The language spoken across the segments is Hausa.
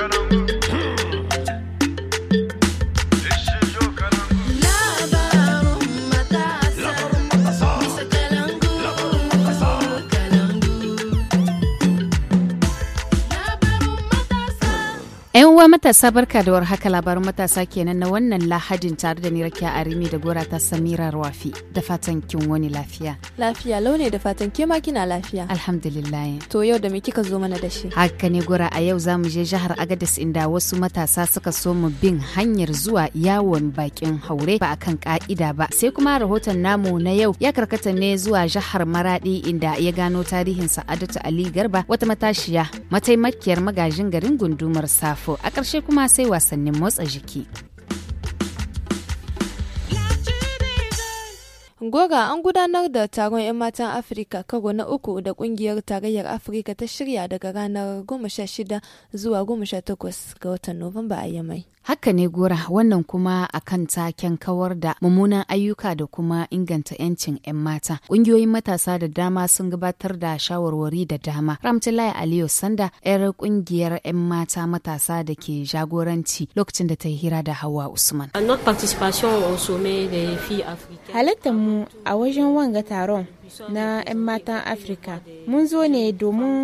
Caramba. 'Yan uwa matasa barka da haka labarin matasa kenan na wannan lahadin tare da ni rakiya arimi da gora ta Samira Rafi da fatan kin wani lafiya. Lafiya launi da fatan ke ma kina lafiya. Alhamdulillah. To yau da me kika zo mana da shi? Haka ne gora a yau zamu je jihar agadis inda wasu matasa suka so mu bin hanyar zuwa yawon bakin haure ba akan ka'ida ba. Sai kuma rahoton namu na yau ya karkata ne zuwa jihar Maradi inda ya gano tarihin Sa'adatu Ali Garba wata matashiya mataimakiyar magajin garin gundumar safa. a ƙarshe kuma sai wasannin motsa jiki. Goga an gudanar da taron 'yan matan Afirka karo na uku da kungiyar tarayyar Afirka ta shirya daga ranar 16 zuwa 18 ga watan Nuwamba a Yamai. Haka ne gora wannan kuma a akan taken kawar da mummunan ayyuka da kuma inganta 'yancin 'yan mata. Ƙungiyoyin matasa da dama sun gabatar da shawarwari da dama. Ramtulai Aliyu Sanda, 'yar ƙungiyar 'yan mata matasa da ke jagoranci lokacin da ta yi hira da Hawa Usman. Halittar mu a wajen wanga taron na 'yan matan afirka mun zo ne domin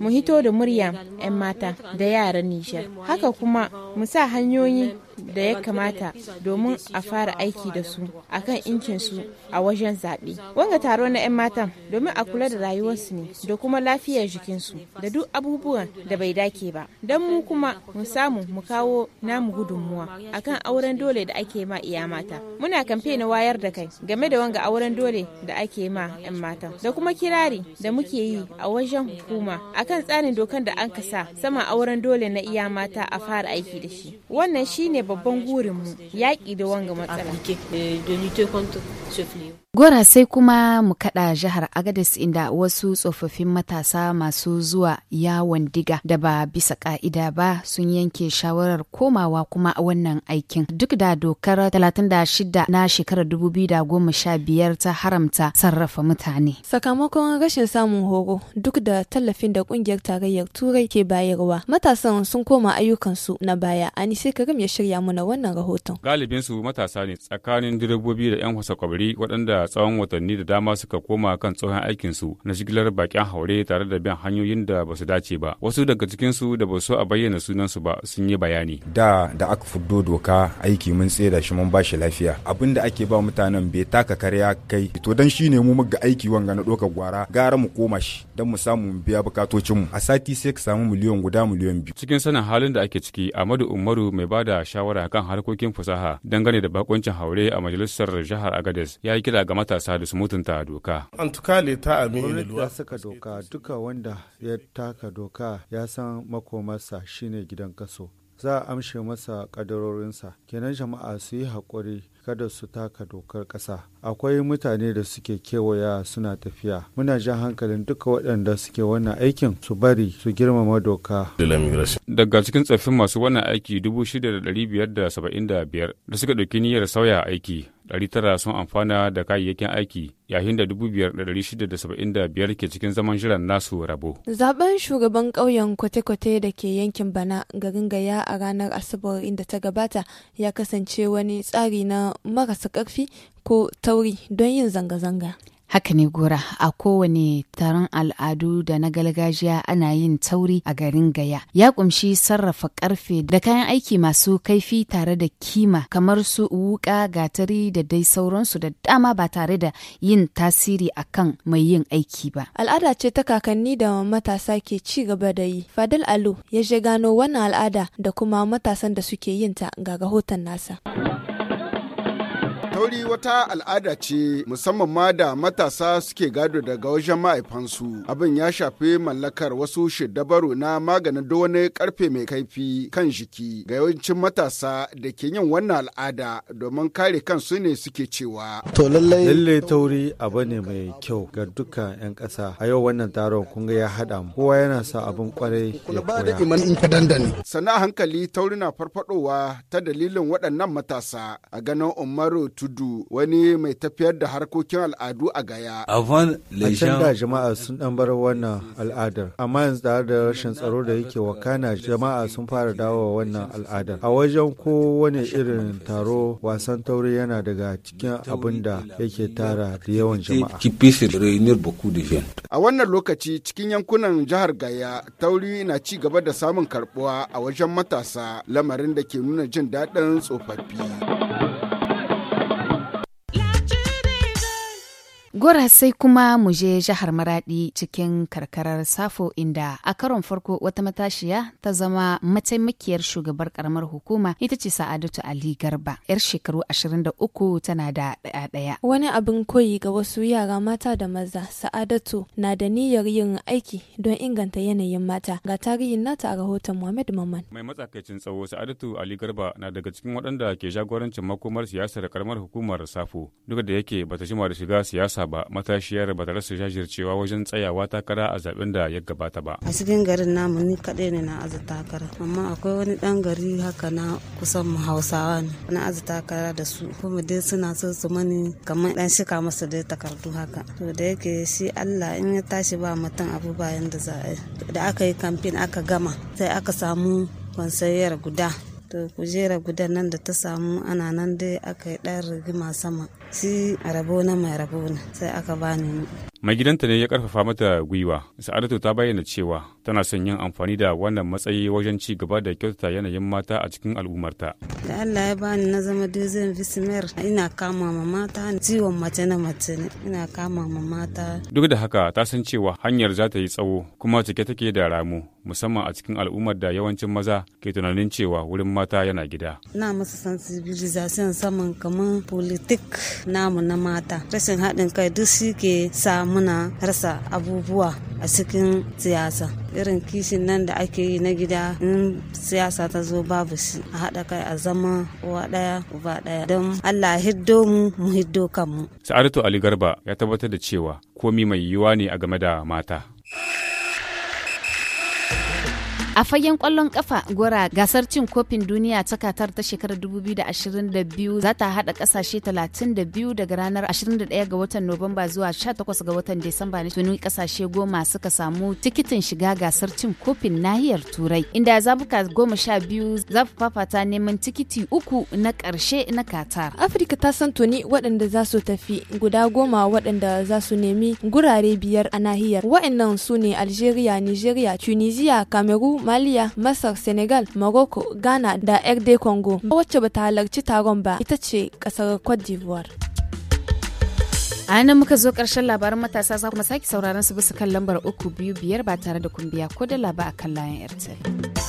mu hito da murya 'yan mata da yaran nijar haka kuma mu sa hanyoyi da ya kamata domin a fara aiki da su akan incinsu a wajen zaɓe. Wanga taro na 'yan matan domin a kula da rayuwarsu ne da kuma lafiyar jikinsu da duk abubuwan da bai dake ba. Don mu kuma mu samu mu kawo namu gudunmuwa kan auren dole da ake ma iya mata. Muna kamfe na wayar da kai game da wanga auren dole da ake ma 'yan matan da kuma kirari da muke yi a wajen hukuma a kan tsarin dokan da an kasa sama auren dole na iya mata a fara aiki da shi. Wannan shine babban babban gurinmu yaƙi da wanga matsala. Gora sai kuma mu kada jihar Agadez inda wasu tsofaffin matasa masu zuwa yawon diga da ba bisa ka'ida ba sun yanke shawarar komawa kuma a wannan aikin. Duk da dokar 36 na shekarar 2015 ta haramta sarrafa mutane. Sakamakon rashin samun horo duk da tallafin da kungiyar tarayyar Turai ke bayarwa, matasan sun koma ayyukansu na baya. ani sai Karim ya shirya mana wannan rahoton. Galibinsu matasa ne tsakanin direbobi da 'yan waɗanda a tsawon watanni da dama suka koma kan tsohon aikinsu na shigilar bakin haure tare da bin hanyoyin da ba su dace ba wasu daga cikinsu da ba su a bayyana sunansu ba sun yi bayani da da aka fuddo doka aiki mun tsira shi mun ba shi lafiya abin da ake ba mutanen bai taka karya kai to dan shine mu muga aiki wanga na doka gwara gara mu koma shi dan mu samu mu biya bukatocin mu. a sati sai ka samu miliyan guda miliyan biyu cikin sanin halin da ake ciki Ahmadu Umaru mai bada shawara kan harkokin fasaha dangane da bakoncin haure a majalisar jihar Agadez ya yi kira ga matasa da su mutunta doka. An le ta saka doka duka wanda ya taka doka ya san makomarsa shine gidan kaso. Za a amshe masa kadarorinsa, kenan jama'a su yi haƙuri kada su taka dokar ƙasa. Akwai mutane da suke kewaya suna tafiya. Muna jan hankalin duka waɗanda suke wannan aikin su bari su girmama doka. Daga cikin tsaffin masu wannan aiki 6,575 da suka ɗauki niyyar sauya aiki 900 sun amfana da kayayyakin aiki yayin da 5,675 ke cikin zaman jiran nasu rabo. Zaben shugaban ƙauyen kwate-kwate da ke yankin bana garin gaya a ranar asabar inda ta gabata ya kasance wani tsari na marasa ƙarfi ko tauri don yin zanga-zanga. Haka ne gora a kowane taron al'adu da na gargajiya ana yin tauri a garin Gaya. Ya kumshi sarrafa karfe da kayan aiki masu kaifi tare da kima kamar su wuka gatari da dai sauransu da dama ba tare da yin tasiri a kan mai yin aiki ba. Al'ada ce ta kakanni da matasa ke ci gaba da yi. Fadil Alu ya je gano wannan al'ada da kuma matasan da suke yin ta ga rahoton nasa. Tauri wata al'ada ce musamman ma da matasa suke gado daga wajen ma'aifansu. Abin ya shafi mallakar wasu shidabaru na maganin da karfe mai kaifi kan jiki ga yawancin matasa da ke yin wannan al'ada domin kare kansu ne suke cewa. To lallai tauri abu ne mai kyau ga dukkan 'yan ƙasa. A yau wannan taron kun ga ya haɗa mu. Kowa yana sa abin kwarai ya koya. Sana hankali tauri na farfadowa ta dalilin waɗannan matasa a ganin Umaru tudu wani mai tafiyar da harkokin al'adu a Gaya. A can da jama'a sun dan bar wannan al'adar, amma yanzu da da rashin tsaro da yake wakana jama'a sun fara dawo wannan al'adar. A wajen ko wani irin taro wasan tauri yana daga cikin abin da yake tara da yawan jama'a. A wannan lokaci cikin yankunan jihar Gaya, tauri na ci gaba da samun karbuwa a wajen matasa lamarin da ke nuna jin daɗin tsofaffi. Gora sai kuma mu je jihar Maradi cikin karkarar Safo inda a karon farko wata matashiya ta zama mataimakiyar shugabar karamar hukuma ita ce Sa'adatu Ali Garba yar shekaru 23 tana da ɗaya ɗaya. Wani abin koyi ga wasu yara mata da maza Sa'adatu na da niyyar yin aiki don inganta yanayin mata ga tarihin nata a rahoton Muhammad Maman. Mai matsakaicin tsawo Sa'adatu Ali Garba na daga cikin waɗanda ke jagorancin makomar siyasar karamar hukumar Safo duk da yake bata jima da shiga siyasa ba matashiyar ba ta rasa jajircewa wajen tsayawa takara a zaben da ya gabata ba. A cikin garin namu ni kaɗai ne na aza takara amma akwai wani ɗan gari haka na kusan mu Hausawa ne na aza takara da su kuma dai suna so su mani kamar ɗan shika masa da takardu haka. To da yake shi Allah in ya tashi ba mutum abu bayan da za a yi. Da aka yi kamfen aka gama sai aka samu kwansayyar guda to kujera guda nan da ta samu ana nan dai aka yi ɗan rigima sama si rabo na mai rabo na sai aka bani mai gidanta ne ya karfafa mata gwiwa sa'adatu ta bayyana cewa tana son yin amfani da wannan matsayi wajen ci gaba da kyautata yanayin mata a cikin al'ummarta da allah ya bani na zama dozin vismer ina kama ma mata ciwon mace na mace ne ina kama ma mata duk da haka ta san cewa hanyar za ta yi tsawo kuma cike take da ramu musamman a cikin al'ummar da yawancin maza ke tunanin cewa wurin mata yana gida na masa sensibilization saman kamar politik namu na mata rashin haɗin kai duk suke sa muna rasa abubuwa a cikin siyasa irin kishin nan da ake yi na gida in siyasa ta zo babu shi a haɗa kai a zama uwa ɗaya uba ɗaya don allah hiddo mu mu hiddo kanmu sa'adatu ali garba ya tabbatar da cewa komi mai yiwuwa ne a game da mata A fagen kwallon kafa gora gasar cin kofin duniya ta Katar ta shekarar 2022 za ta haɗa kasashe 32 daga ranar 21 ga watan Nuwamba zuwa 18 ga watan Disamba ne tuni ƙasashe goma suka samu tikitin shiga gasar cin kofin nahiyar Turai inda zabuka goma sha biyu za fafata neman tikiti uku na karshe na Katar. Afirka ta san tuni waɗanda za su tafi guda goma waɗanda za su nemi gurare biyar a nahiyar. Waɗannan su ne Algeria, Nigeria, Tunisia, Cameroon, Maliya, Masar, Senegal, Morocco, Ghana da RD Congo. Wacce ba ta halarci taron ba ita ce kasar Cote d'Ivoire. a nan muka zo karshen labarin matasa za kuma sake sauraron su bisa kan lambar uku biyu biyar ba tare da kumbiya ko da laba a kan layan airtel.